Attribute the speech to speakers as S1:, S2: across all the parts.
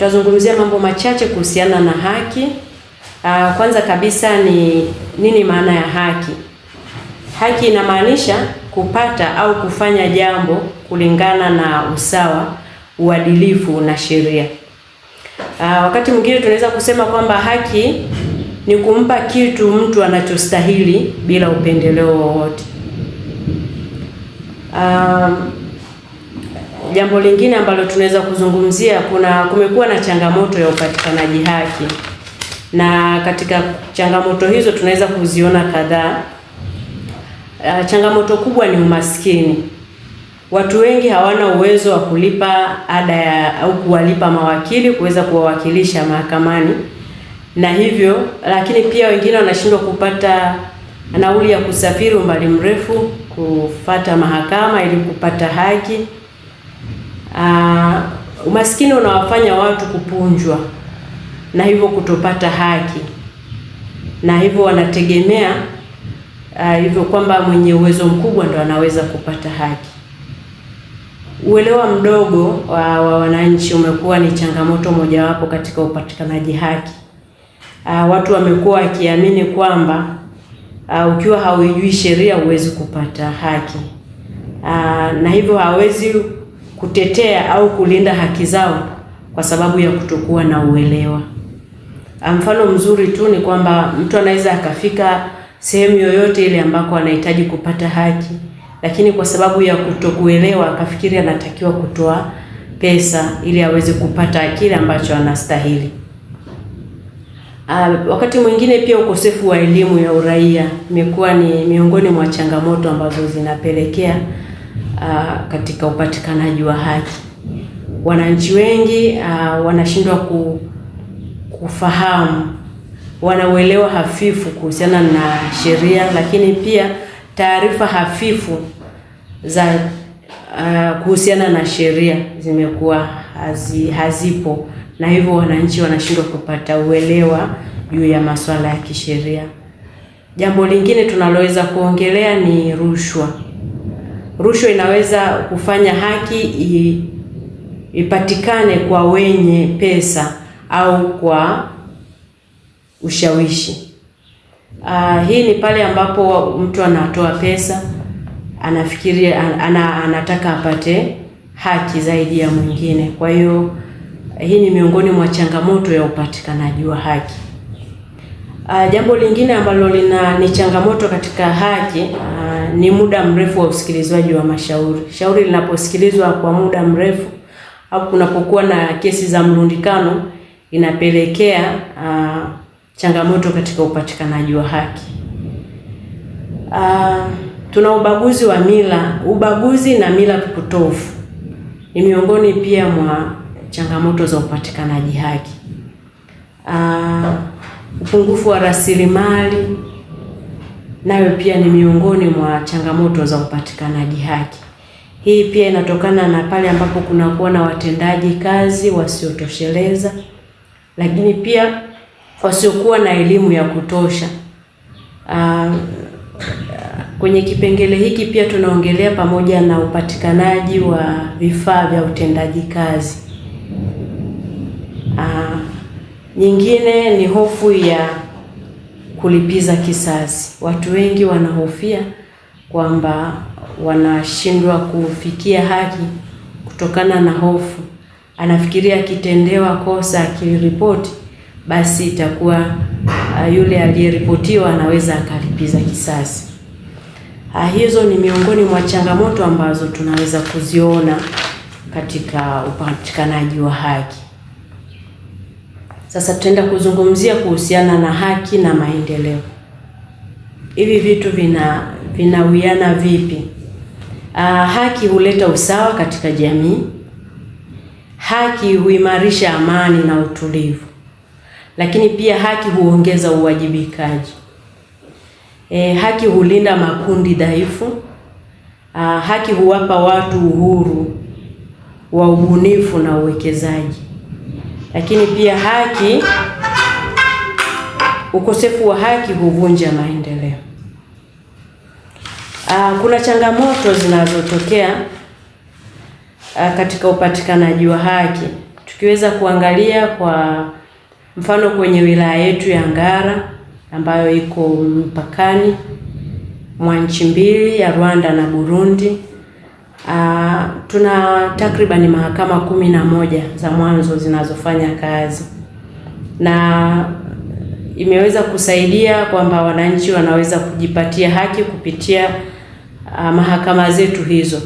S1: Tutazungumzia mambo machache kuhusiana na haki. Uh, kwanza kabisa ni nini maana ya haki? Haki inamaanisha kupata au kufanya jambo kulingana na usawa, uadilifu na sheria. Uh, wakati mwingine tunaweza kusema kwamba haki ni kumpa kitu mtu anachostahili bila upendeleo wowote. Ah, jambo lingine ambalo tunaweza kuzungumzia, kuna kumekuwa na changamoto ya upatikanaji haki, na katika changamoto hizo tunaweza kuziona kadhaa. Uh, changamoto kubwa ni umaskini. Watu wengi hawana uwezo wa kulipa ada ya au kuwalipa mawakili kuweza kuwawakilisha mahakamani, na hivyo lakini pia wengine wanashindwa kupata nauli ya kusafiri umbali mrefu kufata mahakama ili kupata haki. Uh, umaskini unawafanya watu kupunjwa na hivyo kutopata haki, na hivyo wanategemea uh, hivyo kwamba mwenye uwezo mkubwa ndo anaweza kupata haki. Uelewa mdogo wa, wa wananchi umekuwa ni changamoto mojawapo katika upatikanaji haki. Uh, watu wamekuwa wakiamini kwamba uh, ukiwa hauijui sheria huwezi kupata haki uh, na hivyo hawezi kutetea au kulinda haki zao kwa sababu ya kutokuwa na uelewa. Ah, mfano mzuri tu ni kwamba mtu anaweza akafika sehemu yoyote ile ambako anahitaji kupata haki, lakini kwa sababu ya kutokuelewa akafikiri anatakiwa kutoa pesa ili aweze kupata kile ambacho anastahili. Uh, wakati mwingine pia ukosefu wa elimu ya uraia imekuwa ni miongoni mwa changamoto ambazo zinapelekea uh, katika upatikanaji wa haki. Wananchi wengi uh, wanashindwa ku, kufahamu, wanauelewa hafifu kuhusiana na sheria, lakini pia taarifa hafifu za uh, kuhusiana na sheria zimekuwa hazi, hazipo na hivyo wananchi wanashindwa kupata uelewa juu ya masuala ya kisheria. Jambo lingine tunaloweza kuongelea ni rushwa. Rushwa inaweza kufanya haki ipatikane kwa wenye pesa au kwa ushawishi. Uh, hii ni pale ambapo mtu anatoa pesa anafikiria an, an, anataka apate haki zaidi ya mwingine. Kwa hiyo hii ni miongoni mwa changamoto ya upatikanaji wa haki. Uh, jambo lingine ambalo lina ni changamoto katika haki ni muda mrefu wa usikilizwaji wa mashauri. Shauri linaposikilizwa kwa muda mrefu au kunapokuwa na kesi za mrundikano inapelekea uh, changamoto katika upatikanaji wa haki. Uh, tuna ubaguzi wa mila. Ubaguzi na mila potofu ni miongoni pia mwa changamoto za upatikanaji haki. Uh, upungufu wa rasilimali nayo pia ni miongoni mwa changamoto za upatikanaji haki. Hii pia inatokana na pale ambapo kunakuwa na watendaji kazi wasiotosheleza, lakini pia wasiokuwa na elimu ya kutosha. Uh, kwenye kipengele hiki pia tunaongelea pamoja na upatikanaji wa vifaa vya utendaji kazi. Uh, nyingine ni hofu ya kulipiza kisasi. Watu wengi wanahofia kwamba wanashindwa kufikia haki kutokana na hofu. Anafikiria akitendewa kosa akiripoti, basi itakuwa ah, yule aliyeripotiwa anaweza akalipiza kisasi. Ah, hizo ni miongoni mwa changamoto ambazo tunaweza kuziona katika upatikanaji wa haki. Sasa tutaenda kuzungumzia kuhusiana na haki na maendeleo. Hivi vitu vina vinawiana vipi? Uh, haki huleta usawa katika jamii. Haki huimarisha amani na utulivu, lakini pia haki huongeza uwajibikaji. E, haki hulinda makundi dhaifu. Uh, haki huwapa watu uhuru wa ubunifu na uwekezaji. Lakini pia haki, ukosefu wa haki huvunja maendeleo. Uh, kuna changamoto zinazotokea ah, katika upatikanaji wa haki. Tukiweza kuangalia kwa mfano kwenye wilaya yetu ya Ngara ambayo iko mpakani mwa nchi mbili ya Rwanda na Burundi Uh, tuna takribani mahakama kumi na moja za mwanzo zinazofanya kazi na imeweza kusaidia kwamba wananchi wanaweza kujipatia haki kupitia uh, mahakama zetu hizo,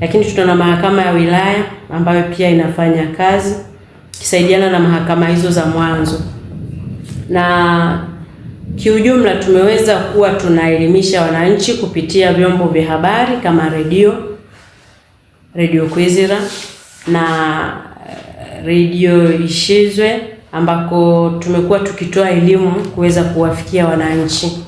S1: lakini tuna mahakama ya wilaya ambayo pia inafanya kazi ikisaidiana na mahakama hizo za mwanzo, na kiujumla tumeweza kuwa tunaelimisha wananchi kupitia vyombo vya habari kama redio Radio Kwizera na eh, Radio Ishizwe ambako tumekuwa tukitoa elimu kuweza kuwafikia wananchi.